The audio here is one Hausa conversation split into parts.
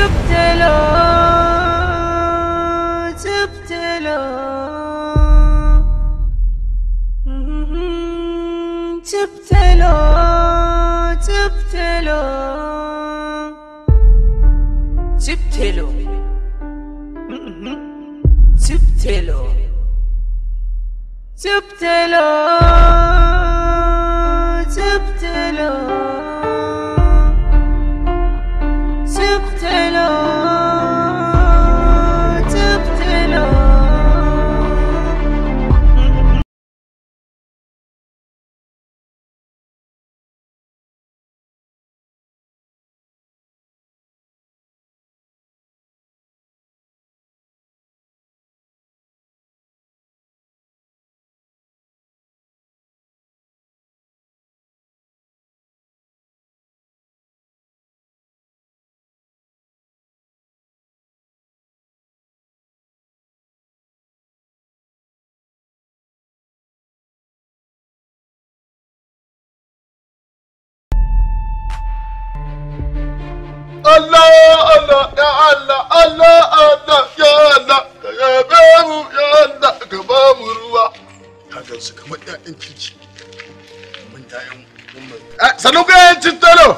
جبت له جبت له جبت له جبت له جبت له جبت له جبت له جبت له Allah Allah ya Allah Allah Allah ya Allah ya mu ya Allah ka bamu ruwa ka ga su kamar ƴaƴan kirki mun ƴaƴan eh, sanu ga yin cittalo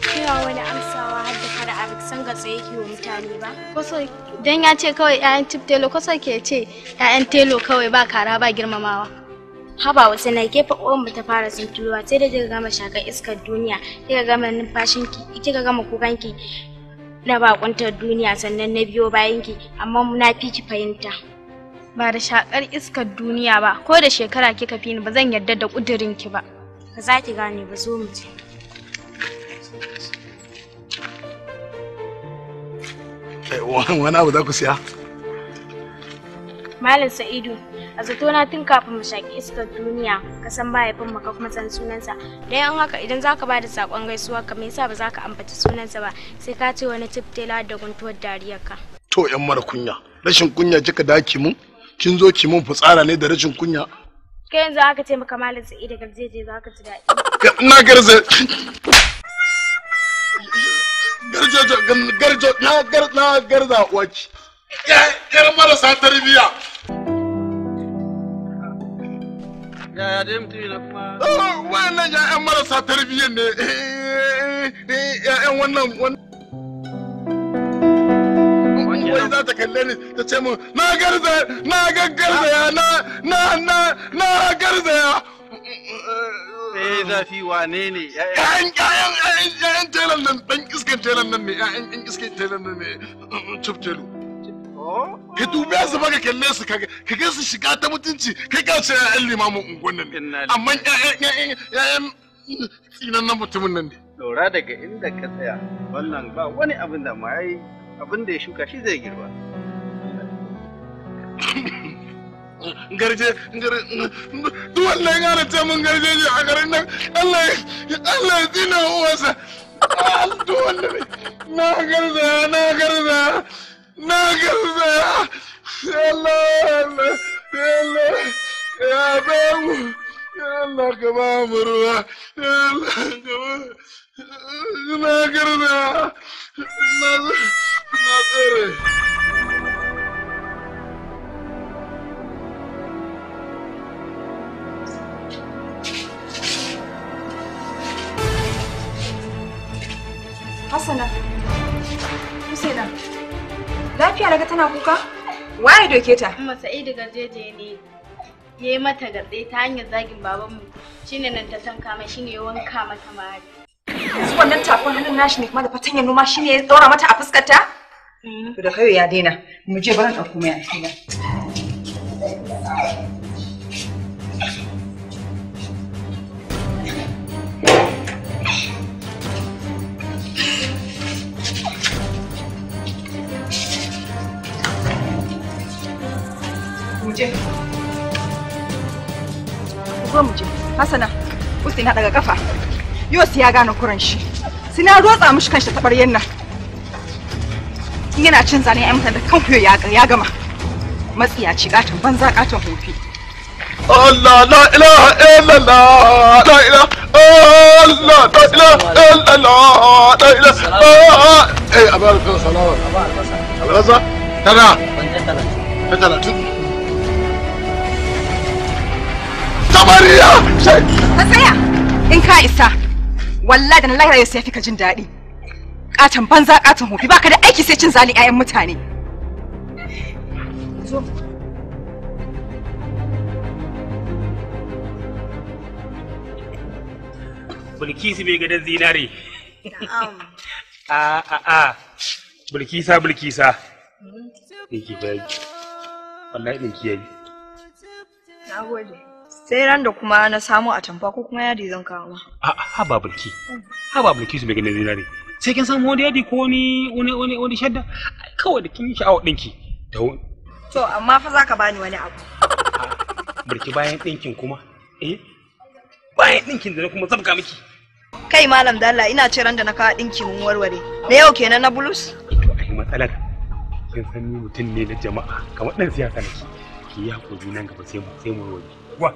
Kira wani amsawa har da fara abik san ga tsaye ke wa mutane ba. Kwaso don ya ce kawai 'ya'yan tip telo kwaso ke ce 'ya'yan telo kawai ba kara ba girmamawa. haba wasu na gefe uwan mu ta fara sintuwa sai da kika gama shakar iskar duniya kika gama numfashin ki kika gama kukan ki na bakuntar duniya sannan na biyo bayan ki amma na fi ki fahimta ba da shakar iskar duniya ba ko da shekara kika fi ni ba zan yarda da kudirin ki ba ba za gane ba zo mu je wani abu za ku siya Malam Sa'idu, a zato na tun kafin mu shaƙi iskar duniya, ka san mahaifin maka kuma san sunansa. Dan an haka idan zaka ba da sakon gaisuwa ka me yasa ba zaka ambaci sunansa ba, sai ka ce wani tiftela da guntuwar dariyar ka. To ƴan mara kunya, rashin kunya kika daki mun? Kin zo ki mun fitsara ne da rashin kunya? Kai yanzu aka ce maka Malam Sa'idu garzeje zaka ji daɗi. Ina garze. Garjo na garza uwaci. Yar marasa tarbiyya. Yaya dimti na kuma. Wannan ya'yan marasa tarbiyyar ne. Ya'yan wannan wannan. wai za ta kalle ni ta ce min na garza na na na na na garzaya eh zafi wane ne ƴaƴan ƴaƴan ƴaƴan telan nan dan iskan telan nan ne ƴaƴan iskan telan nan ka dubiya su ba ka kalle su ka ga su shiga ta mutunci kai ka ce ya'yan limamin unguwan ne amma ya'yan tsinan nan mutumin nan ne Dora daga inda ka tsaya wannan ba wani abin da ma yi abin da ya shuka shi zai girba garje duk wannan ya ce mun garje ne a garin nan Allah ya tsina uwarsa ah, duk wannan na garza na garza na garzaya Allah ya ba mu Allah ka ba mu ruwa Allah ka ba na garzaya na tsere lafiya daga tana kuka? Waye doke ta? Amma Sa'idu gajeje ne. Ya yi mata garɗe ta hanyar zagin babanmu. Shine nan ta san kama shine ya wanka mata mari. Yanzu wannan tafin hannun nashi ne kuma da fatanyar noma shine ya daura mata a fuskar ta? Mm. To da kai ya daina. Mu je baran ka kuma ya cikin. zo mu je hasana na daga kafa yos ya gane kuran shi Sai na rotsa mishi kanshi tabar yanna in yana cin zane ya mutan da kan kuyo ya ya gama matsiya ci katon banza katon hofi Allah la ilaha illallah la ilaha Allah la ilaha illallah la ilaha eh abar salawat abar salawat salawat. Tara. Tara. Tara. samariya ka tsaya in ka isa wallahi da na lahira yau fi ka jin daɗi katon banza katon hofi baka da aiki sai cin zali 'ya'yan mutane sai ran da kuma na samu tamfa ko kuma yadi zan kawo ma ha babulki, ha babulki su mai ganin zinare sai kin samu wani yadi ko wani wani wani wani shadda kawai da kin yi sha'awar dinki da to amma fa za ka bani wani abu burki bayan dinkin kuma eh bayan dinkin da na kuma zabga miki kai malam dalla ina ce ran da na kawo dinki mun warware me yau kenan na bulus to ai matsalar kin san ni mutum ne na jama'a kamar dan siyasa nake ki yi hakuri nan gaba sai mu sai mu warware wa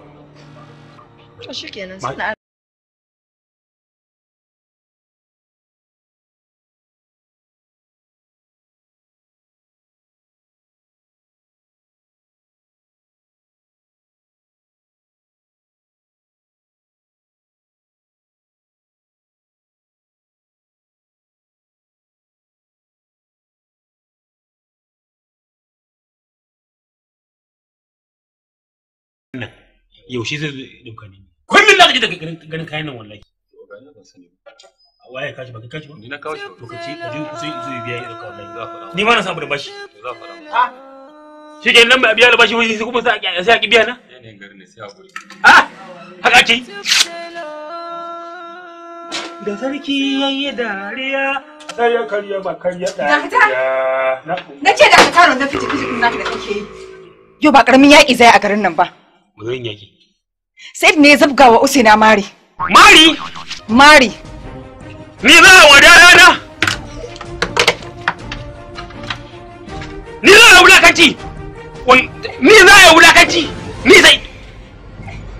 那有些是有可能。kullum ganin kayan nan wallahi waye ba ba ni na kawo to ka ci ka ji sai biya ya kawo wallahi ni ma na samu da bashi eh, ah. shi ke nan ba biya da bashi sai kuma sai a biya na ne garin sai a ah! haka da sarki yayi dariya sai ya ba dariya na ce da ka taro da fiti fiti na kake yi ba karamin yaki zai a garin nan ba mu yin yaki sai ne ya zabga wa Usaina Mari. Mari? Mari. Ni za a wada rana? Ni za a wulakanci? Ni za a wulakanci? Ni zai.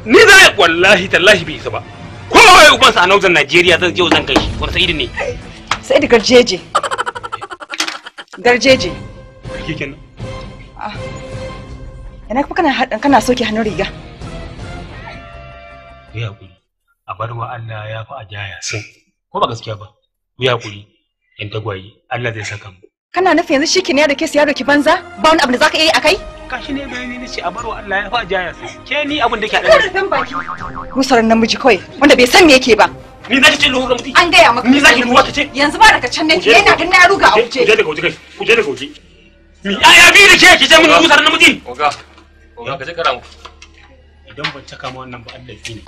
Ni za a wallahi tallahi bai isa ba. Kowa ya ubansa a nauzan Najeriya zan je zan kai shi. Wani sa'idi ne. Sa'idi garjeje. Garjeje. Kike kenan. Ah. Ina kuma kana kana soke hannun riga. ku yi haƙuri a bar wa Allah ya fi a jaya sai ko ba gaskiya ba ku yi haƙuri yan tagwaye Allah zai saka mu kana nufin yanzu shike ne da ke siyar da ki banza ba wani abu da za ka iya yi kai? kashi ne bayani ce a bar wa Allah ya fi a jaya sai ke ni abin da ke da musaran namiji kawai wanda bai san me yake ba ni zaki ce lura mutu. an gaya maka ni zaki lura ta ce yanzu ba daga can nake yana ganin na ruga a wuce ku je daga waje kai ku je daga waje. mi aya bi da ke ki je mun musaran namiji oga oga ka je kara mu idan ban caka ma wannan ba Allah ne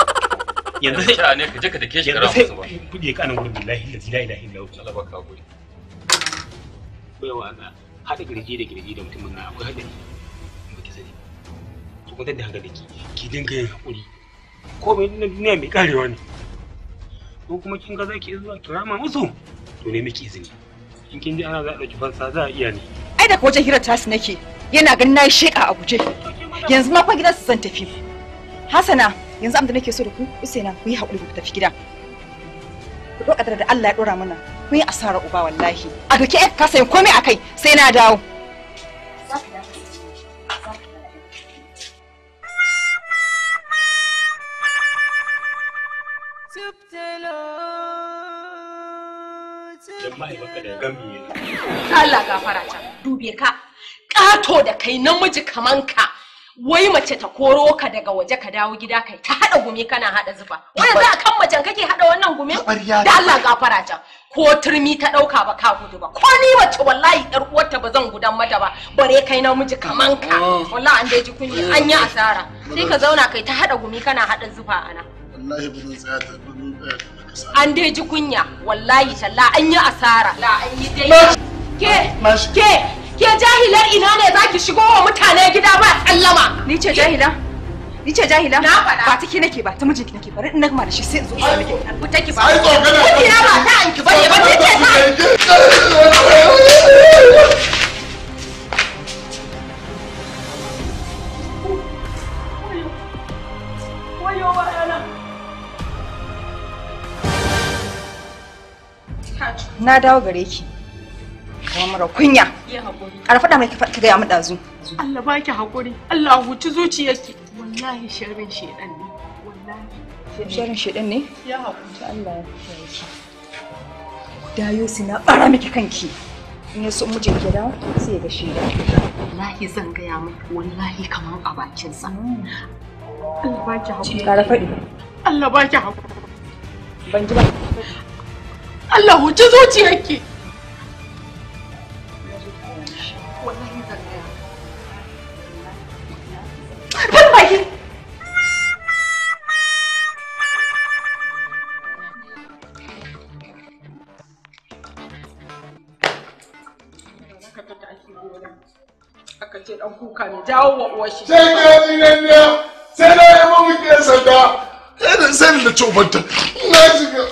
yanzu sai ne ka je ka dake shi kara musu ba kuje ka nan gurin billahi la ilaha illallah Allah baka hakuri baiwa na hada girgi da girgi da mutumin na akwai hadari ba ki sani to kun da hankali ki ki dinga yin hakuri komai na duniya mai karewa ne ko kuma kin ga zaki zuwa kirama musu to ne miki izini in kin ji ana za a dauki fansa za a iya ne ai daga wajen hirar tasi nake yana ganin na yi sheƙa a guje yanzu ma fa gidan su zan tafi Hasana yanzu abin da nake so da ku Usaina ku yi haƙuri ku tafi gida. Ku ɗo da Allah ya dora mana ku yi asara uba wallahi. A doki ɗan eh, ka sayi komai a kai sai na dawo. Allah gafara ta dubeka ka ƙato da kai namiji kaman ka wai mace ta koro ka daga waje ka dawo gida kai ta hada gumi kana hada zufa wai yanzu a kan macen kake hada wannan gumin da Allah gafara ta ko turmi ta dauka ba ka gudu ba ko ni mace wallahi dar uwarta ba zan gudan mata ba bare kai namiji kaman ka mm. wallahi an daji kunni an yi asara sai ka zauna kai ta hada gumi kana hada zufa ana wallahi ba zan tsaya ta an daji kunya wallahi talla an yi asara la an yi dai Ke, ke, ke jahilar ina ne za ki shigo wa mutane gida ba sallama. Ni ce jahila? Ni ce jahila? Na faɗa. Ba ta ke nake ba, ta mijinki nake bari in nagma da shi sai in zo ki nake. Ku take ba. Ai tsogana. Ku tira ba ta anki ba ne ba ta ce ta. Na dawo gare ki. kamar mara kunya a faɗa mai ki gaya mu ɗazu Allah ba ki haƙuri Allah huci zuciyarki wallahi sharrin shedan ne wallahi sharrin shedan ne ya haƙuri Allah ya ki dayo na bara miki kanki in ya so mijin ki dawo sai ya ga da. wallahi zan gaya mai wallahi kamar a bakin sa mm. Allah ba ki haƙuri ƙara faɗi Allah ba ki haƙuri ban ji ba Allah huci zuciyarki aka tattaki gonan aka ce dan kuka ne jawo wa uwar shi sai ka yi sai na yi mamu sanda sai da sai da cobanta na shiga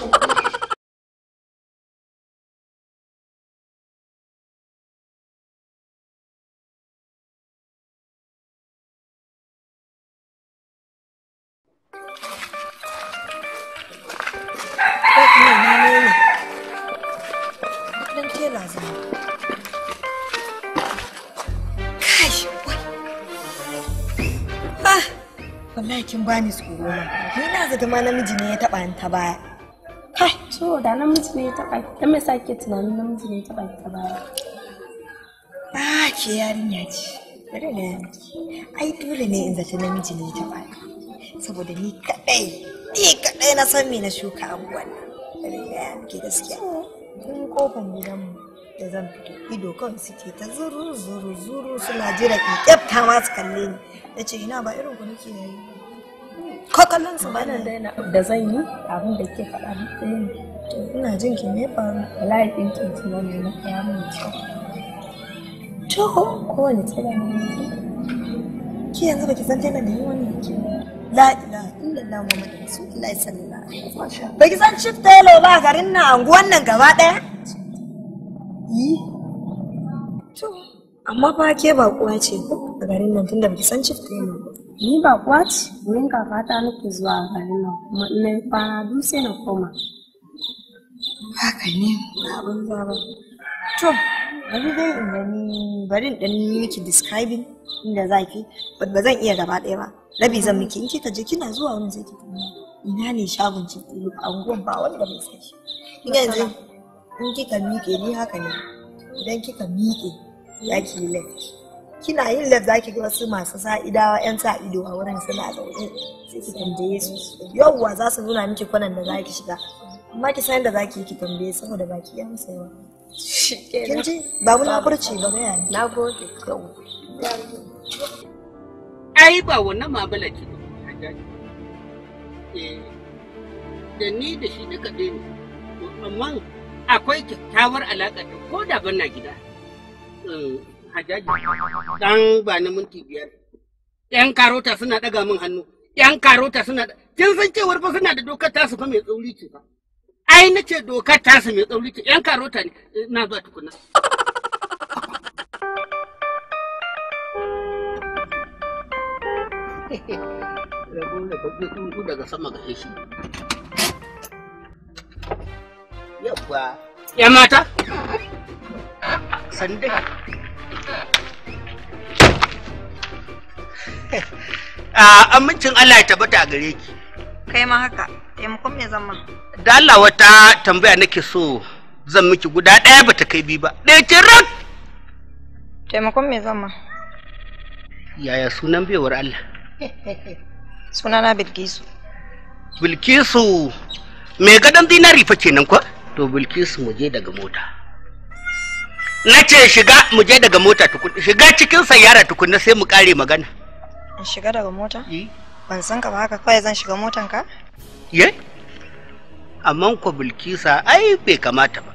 kin bani tsoro ma ke na zata ma namiji ne ya taba ni ta baya kai so da namiji ne ya taba ki dan me sa tunanin namiji ne ya taba ni ta baya ah ke yarinya ce bari na ai dole ne in zata namiji ne ya taba ni saboda ni kadai ni kadai na san me na shuka abubuwan bari na ke gaskiya kun kofan gidanmu da zan fito ido kawai suke ta zuru zuru zuru suna jira in kyafta masu kalle ni na ce ina ba irin ku nake yayi ba kakalan su bane da yana da zan yi abin da ke faɗa min ina jin ki ne fa wallahi din ki ne na ya mun kyau to ko wani tsira ne ki yanzu ba ki san tana da yi wannan ki la ilaha illallah muhammadu rasulullahi sallallahu alaihi wasallam ki san chief tailor ba garin nan anguwan nan gaba daya yi to amma ba ke ba kuwa ce ko a garin nan tunda ki san chief tailor ba ni ba kwaci domin kakata nake zuwa gari nan kuma ina kwana fara sai na koma haka ne abin da ba to bari dai in gani bari in dan miki describing inda zaki ba zan iya gaba daya ba rabi zan miki in kika je kina zuwa wani zai kika ina ne shagon ki a unguwan ba wanda bai sai shi ina yanzu in kika miƙe ni haka ne idan kika miƙe zaki left kina yin lab zaki ga wasu masu sa'idawa yan sa'ido a wurin suna zaune sai ki tambaye su yawwa za su nuna miki kwanan da zaki shiga amma ki san da zaki ki tambaye saboda baki ya musa yawa kin ji ba mu nafurci ba gaya ne na gode kawo ai ba wannan ma bala ki eh, da ni da shi duka dai ne amma akwai kyakkyawar alaƙa da ko da ban na gida eh, Hajjaji, dan ba na minti biyar. ‘Yan karota suna daga min hannu, ‘yan karota suna da, kin san cewar fa suna da dokar tasu fa mai tsauri ce fa. Ai na ce dokar tasu mai tsauri ce, ‘yan karota ne, eh, na zuwa tukuna. Ya daga sama ga shi. Yabba. mata? Sanda. amincin Allah ya tabbata a gare ki kai ma haka taimakon me zan ma da Allah wata tambaya nake so zan miki guda ɗaya ba ta kai bi ba ɗaya ce rak taimakon me zan ma yaya sunan bewar Allah sunana Bilkisu Bilkisu me gadon zinari fa kenan kwa to Bilkisu mu je daga mota na ce shiga mu je daga mota tukun shiga cikin sayyara tukun sai mu kare magana in shiga daga mota e. ban san ka ba haka kawai zan shiga motan ka ye amma ko bilkisa ai bai kamata ba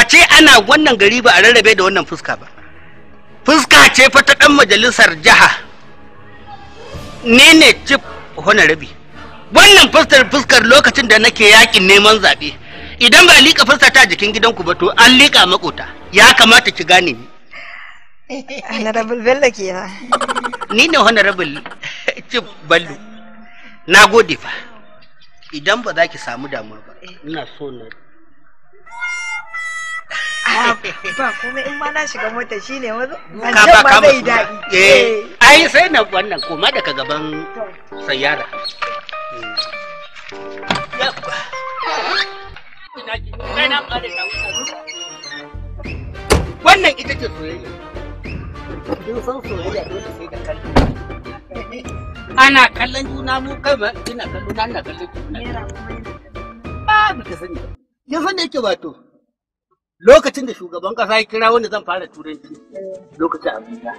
a ce ana wannan gari ba a rarrabe da wannan fuska ba fuska ce fa ta dan majalisar jiha nene ne chief rabi? wannan fuskar fuskar lokacin da nake yakin neman zaɓe idan ba liƙa fuska ta jikin gidanku ba to an liƙa makota ya kamata ki gane ni honorable bello kenan ni ne honorable chief ballo na gode fa idan ba za ki samu damuwa ba ina so na ah, ba kuma in ma na shiga mota shine wazo ka ba zai daɗi eh, eh ai sai na wannan koma daga gaban sayara eh. yabba wannan ita ce soyayya ana kallon juna mu kai ba ina kallon na ina kallon juna ba mu ta sani ya san da yake wato lokacin da shugaban kasa ya kira wanda zan fara turanci lokacin abinda.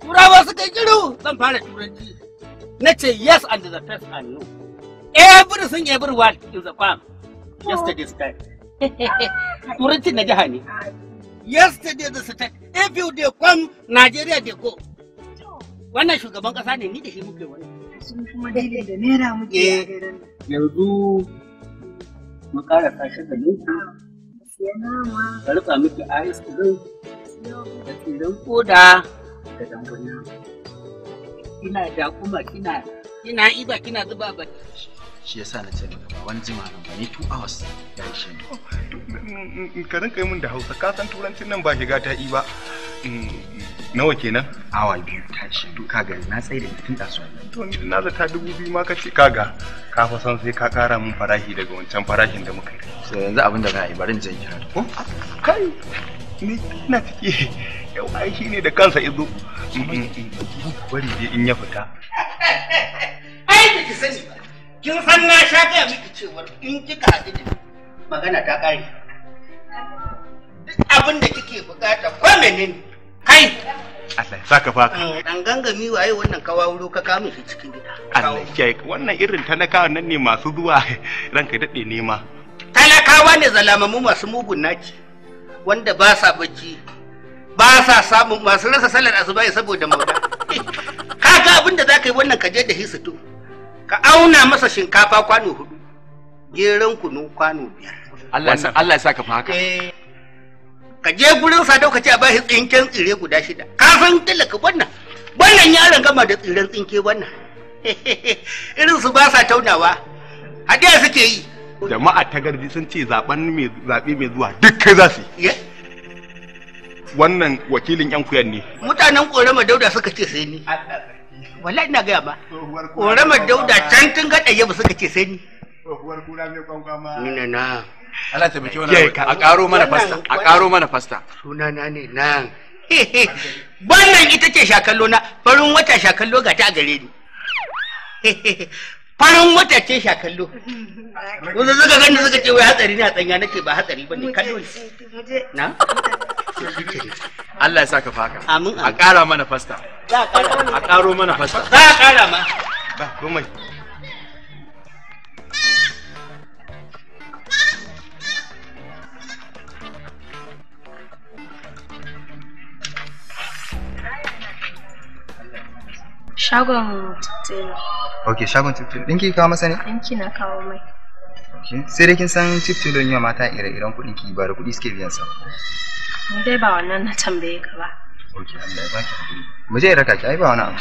turawa suka kiro zan fara turanci na ce yes and the first and no everything everyone is a farm yesterday's time turanci na jiha ne yesterday the state if you dey come Nigeria dey go wannan shugaban kasa ne ni da shi muke wani sun kuma daidai da naira muke a eh, garin yanzu mu kara ah, kashe da nufi ka rika miki ice cream da tsirin koda da dambuna kina da kuma kina kina iba kina zuba baki shi yasa na ce maka ba wani jima nan ba ni 2 hours ya yi shi mm, ka rinka yi min da hausa ka san turancin nan ba shiga ta yi ba mm, nawa kenan awa biyu ta shi to kaga na tsaye da tun da su. to ni na zata dubu biyu ma kace kaga ka fa san sai ka kara min farashi daga wancan farashin da muka yi sai yanzu abin da za a yi barin zan kira ko kai ni na ciki yau ai shi ne da kansa izo mm, bari dai in ya fita ai ki sani ba kin san na sha gaya miki cewar in kika haɗu da magana ta ƙare duk abin da kike bukata ko menene kai Allah ya saka faka. Dan mm, gangami waye wannan kawa wuro ka kama shi cikin gida. Allah ya wannan irin talakawa nan ne masu zuwa ranka daɗe nema. Talakawa ne zalamamu masu mugun naci wanda ba sa bacci ba sa samun masu rasa salar asuba saboda mauda. Kaga abin da za ka yi wannan ka je da hisitu. ka auna masa shinkafa kwano hudu geran kunu kwano biyar Allah ya saka fa haka eh, ka je gurin sa ka ce a bashi tsinken tsire guda shida Ka san tilaka wannan wannan yaron gama da tsiren tsinke wannan irin su ba sa taunawa hadiya suke yi jama'a ta gardi sun ce zaben mai zabe mai zuwa duk kai za su yi wannan wakilin yan kuyan ne mutanen korama dauda suka ce sai ni wallahi ina gaya ba ƙoramar dauda can tun gaɗa yaba suka ce sai ni tsohuwar kura mai kwankwa ma nina na Allah ta biki wani a ƙaro mana fasta a ƙaro mana fasta suna na ne na wannan ita ce shakallo na farin wata shakallo ga ta gare ni farin wata ce shakallo wanda suka gani suka ce wai hatsari ne a tsanya nake ba hatsari ba ne kallo na Allah ya saka faka amin a ƙara mana fasta a ƙaro mana fasta za a ƙara ma ba komai shagon tuttun ok shagon tuttun ɗinki kawo masa ne ɗinki na kawo mai sai dai kin san tuttun don yawa mata ire-iren kuɗin ki ba da kuɗi suke biyan sa Ni dai ba wannan na tambaye ka ba. Okay, Allah ya baki. Mu je raka ki ai ba wani abu.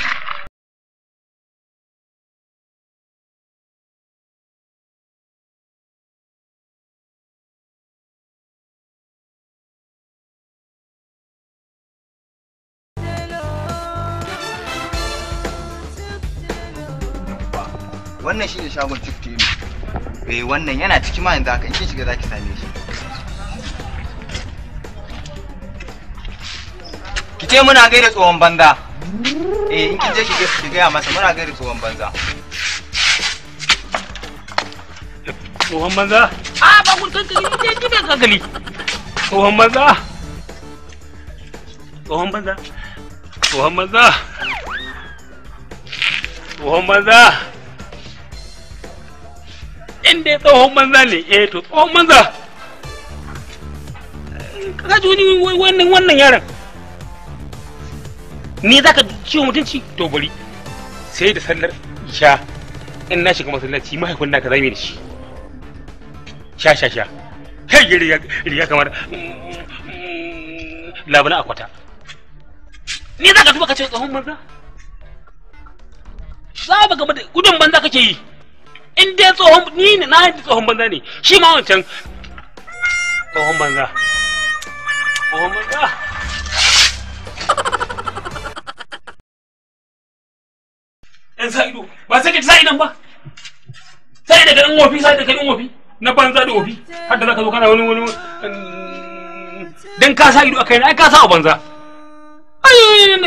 shagon eh wannan yana ciki ma yanzu haka in kin shiga zaki same shi ki ce muna gaida tsohon banza eh in kin je ki gaya masa muna gaida tsohon banza tsohon banza a ba kun kankali ki je gidan kankali tsohon banza tsohon banza tsohon banza tsohon banza in dai tsohon banza ne eh to tsohon banza ka ji wani wannan wannan ni zaka ciwo mutunci to bari sai da sallar isha in na shiga masallaci mahaifin naka zai mini shi sha sha sha kai riya kamar labana akwata ni zaka duba ka ce tsohon banza za ba gaba da gudun banza kake yi in dai tsohon ni ne na yi tsohon banza ne shi ma wancan tsohon banza tsohon banza yan sa ido ba sai ka sa idan ba sai da garin wofi sai da garin wofi na banza da wofi har da zaka zo kana wani wani mm, dan ka sa ido akai ai ka sa a banza ai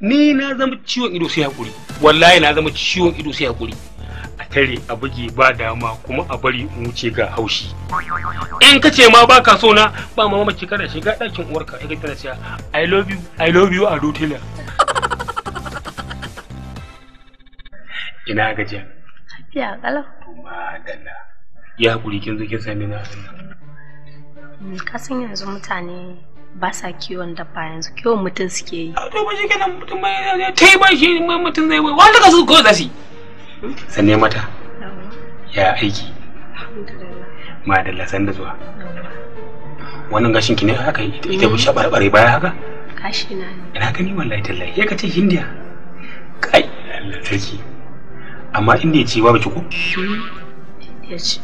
ni na zama ciwon ido sai hakuri wallahi na zama ciwon ido sai hakuri a tare a buge ba dama kuma a bari in wuce ga haushi in ka ce ma baka so na ba mamaki kana shiga ɗakin uwarka ai tana cewa i love you i love you a do ina gajiya lafiya kalau madalla ya hakuri kin zo kin same na. Hmm, ka san yanzu mutane ba sa kiwon dabba yanzu kiwon mutum suke yi ah, to ba shi kenan mutum ba ta yi ba shi mutum zai wai wanda ka su ko zasi sanne mata ya aiki madalla san da zuwa wannan gashin ki ne haka ita hmm. bu barbare baya haka kashi na ina gani wallahi tallahi ya kace hindiya kai Allah take amma inda ya ce babu ki ko ya ce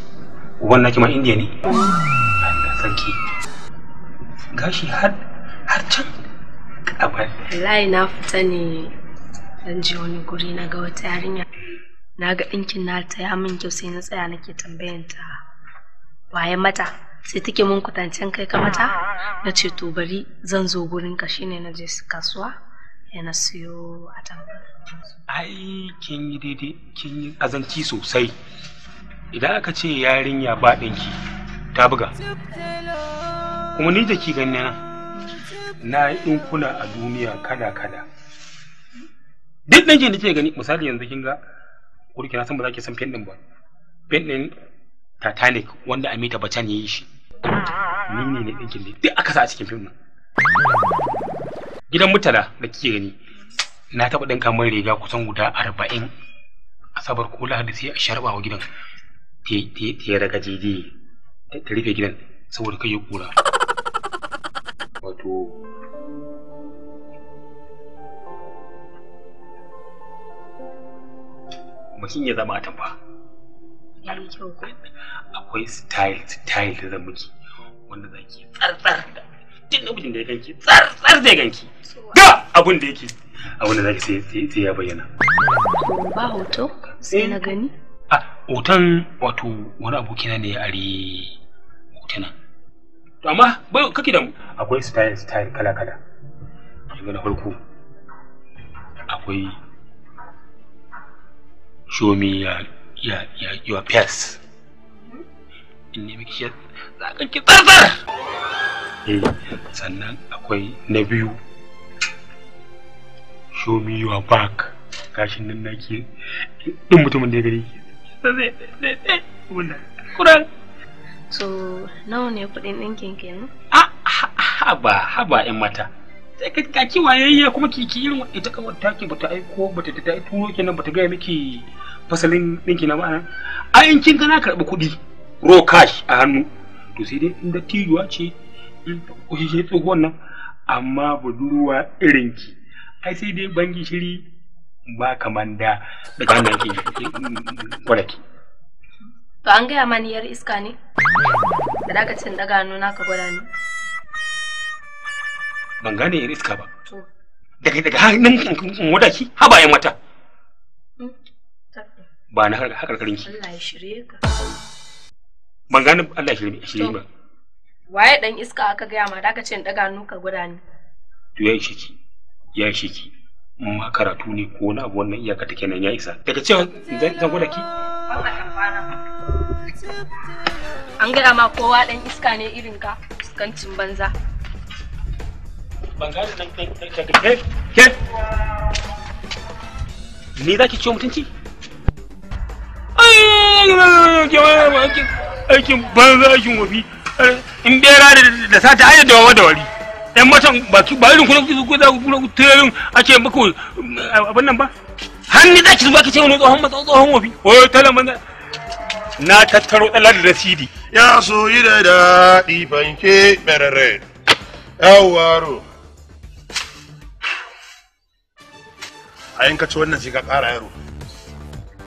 uban naki ma indiya ne Allah sarki gashi har har can kabar wallahi na fita ne dan je wani guri na ga wata yarinya na ga ɗinkin na ta ya min kyau sai na tsaya nake tambayan ta waye mata sai take mun kutancen kai ka mata na ce to bari zan zo gurin ka shine na je kasuwa ya na siyo a ai kin yi daidai kin yi azanci sosai idan aka ce yarinya ba ɗinki ta buga kuma ni da ki na na in kuna a duniya kada kada duk ɗan da ke gani misali yanzu kin ga kurki na san ba za ki san fen ɗin ba titanic wanda amita bacan ya yi shi ni ne ne ɗinkin duk aka sa a cikin fim nan gidan mutala da kike gani na taɓa ɗinka mai riga kusan guda arba'in asabar ko lahadi sai a sharba wa gidan ta yi daga jeje ta rufe gidan saboda kai ya kura wato mutum ya zama atamfa akwai style style da zamuki wanda zaki tsartsar da duk namijin da ya ganki tsar tsar zai ganki ga abin da yake abin da zaki sai sai ya bayyana ba hoto sai eh. na gani a ah, hoton wato wani aboki na ne a ri hotuna to amma bai kake da akwai style style kala kala yanzu na farko akwai show me ya ya ya your face in ne miki shi za ka tsar tsar Eh, sannan akwai na biyu show me your back gashin nan nake din mutumin da ya gari kuran so nawa ne kudin dinkin kenan a haba haba in mata sai ka ki ya kuma ki ki irin ita ta ki bata aiko bata ta turo kenan bata gaya miki fasalin ɗinki na ma'ana a in kin gana karɓi kudi raw cash a hannu to sai dai inda da tiyuwa ce ƙushe tsohon nan amma budurwa irinki ai sai dai ban shiri ba kaman da da kan nan ke kwaraki mm, to an gaya ma niyar iska ne da daga cin daga nuna ka gwada ni ban gane yar iska ba daga daga hannun wada ki haba yan wata mm, ba na harkarkarin ki Allah ya shirye ka ban gane Allah ya shirye ba waye dan iska aka gaya ma da aka ce in daga hannu ka gwada ni to ya ishe ki ya ishe ma karatu ne ko na abu wannan iyaka take nan ya isa daga cewa zan gwada ki an gaya ma kowa dan iska ne irin ka fuskancin banza banza da ke ke ni za ki ciwo mutunci aikin banza aikin wafi in bera da sata ai da da yan matan ba irin kuna ku za ku tirin ake muku eh, abin nan ba hannu za ki zuba ka ce wani tsohon matsa tsohon wafi wai na tattaro tsalar da sidi ya so yi da daɗi fanke berere yawaro a yanka ci wannan sai ka ƙara yaro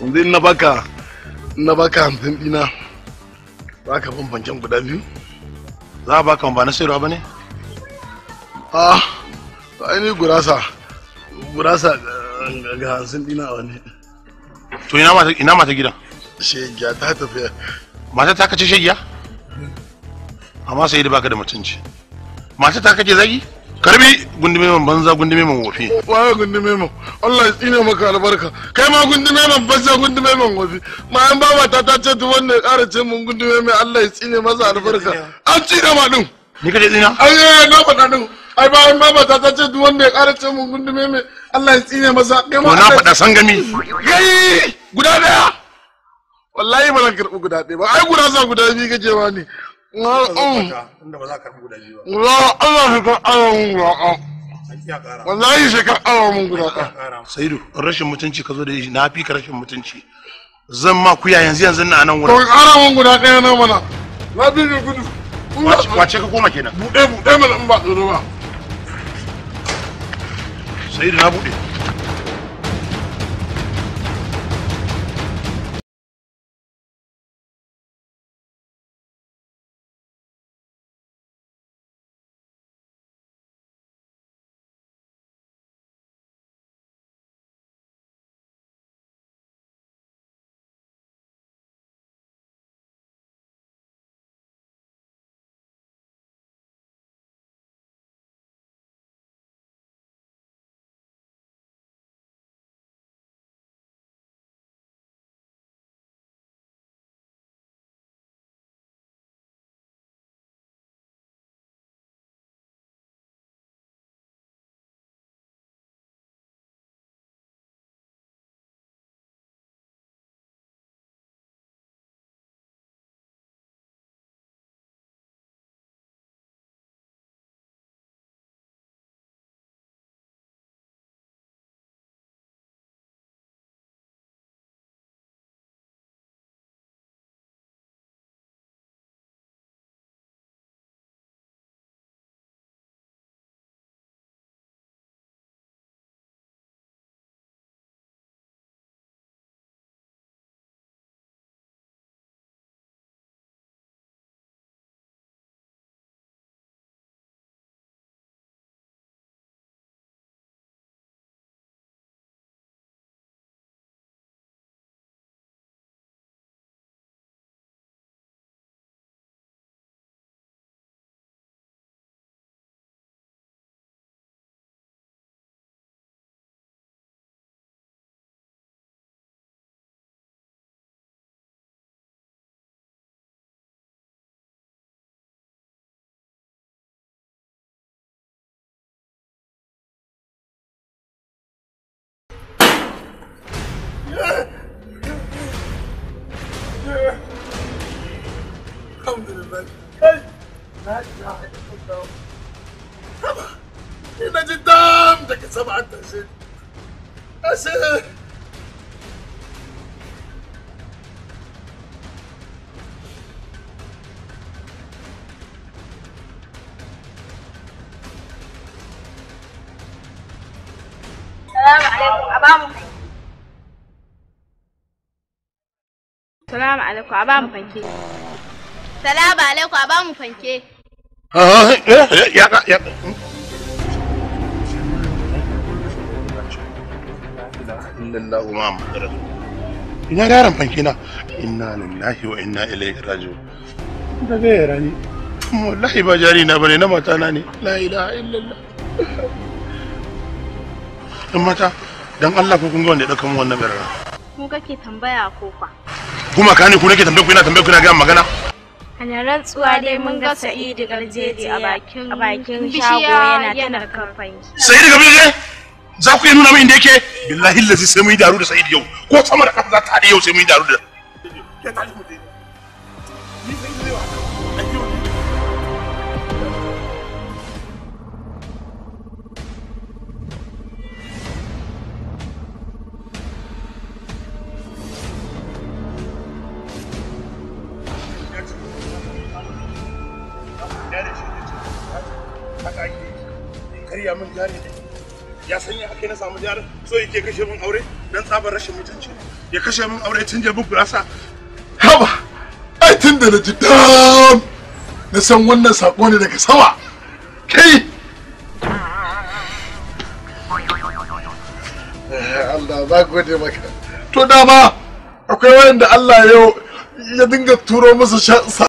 yanzu na baka na baka hamsin dina baka ka bambancen guda biyu za a baka ba na sayarwa ba ne ah ainihin gurasa gurasa ga hamsin dina a wani to ina mata gidan shegiya ta tafiya mata ta kace shegiya amma sai da baka da mutunci mata ta kace zagi karbi gundume man banza gundume man wofi waye gundume man Allah ya tsine maka albarka kai ma gundume man banza gundume man wofi ma an ba ta ta ce duk wanda ya ƙara ce mun gundume mai Allah ya tsine masa albarka an tsine ma din ni kaje tsina ai eh na faɗa din ai ba an ba ta ta ce duk wanda ya ƙara ce mun gundume mai Allah ya tsine masa kai ma na faɗa sangami yayi guda daya wallahi ba zan karɓi guda ɗaya ba ai guda sa guda biyu kake ma ne inda ba za guda rashin mutunci ka zo da na fi ka rashin mutunci zan ma kuya yanzu yanzu na nan wurin to ƙara mun guda ɗaya na mana na bi ni gudu wace ka koma kenan buɗe buɗe mana in ba tsoro ba saidu na buɗe Unbelievable. Hey, لا اله الا الله. طبعا هنا قدامك سبعة أشد. أشد. السلام عليكم أبا مكنكي السلام عليكم أبا Salamu alaikum a ba mu fanke. Ah, ah, eh, eh, illallahu Muhammad ina yaran fanke na inna lillahi wa inna da yara ne wallahi ba jari na bane na mata na ne la ilaha illallah dan mata dan Allah kun ga wanda ya dauka mu wannan birra ku kake tambaya ko fa kuma ne ku nake tambaya ku ina tambaya ku ina ga magana Ana rantsuwa dai mun ga Sa'idu Garjeji a bakin bakin shago yana tana kamfani. Sa'idu Garjeji za ku iya nuna min inda yake? Billahi lazi sai mun yi daru da Sa'idu yau ko sama da kafa za ta haɗe yau sai mun yi daru da. ya san ya haka na samu jarin so yake kashe min aure dan tsabar rashin mutunci ya kashe min aure tun jabi gurasa haba ai tun da na na san wannan sako ne daga sama kai Allah za gode maka to dama akwai wayanda Allah yau ya dinga turo musu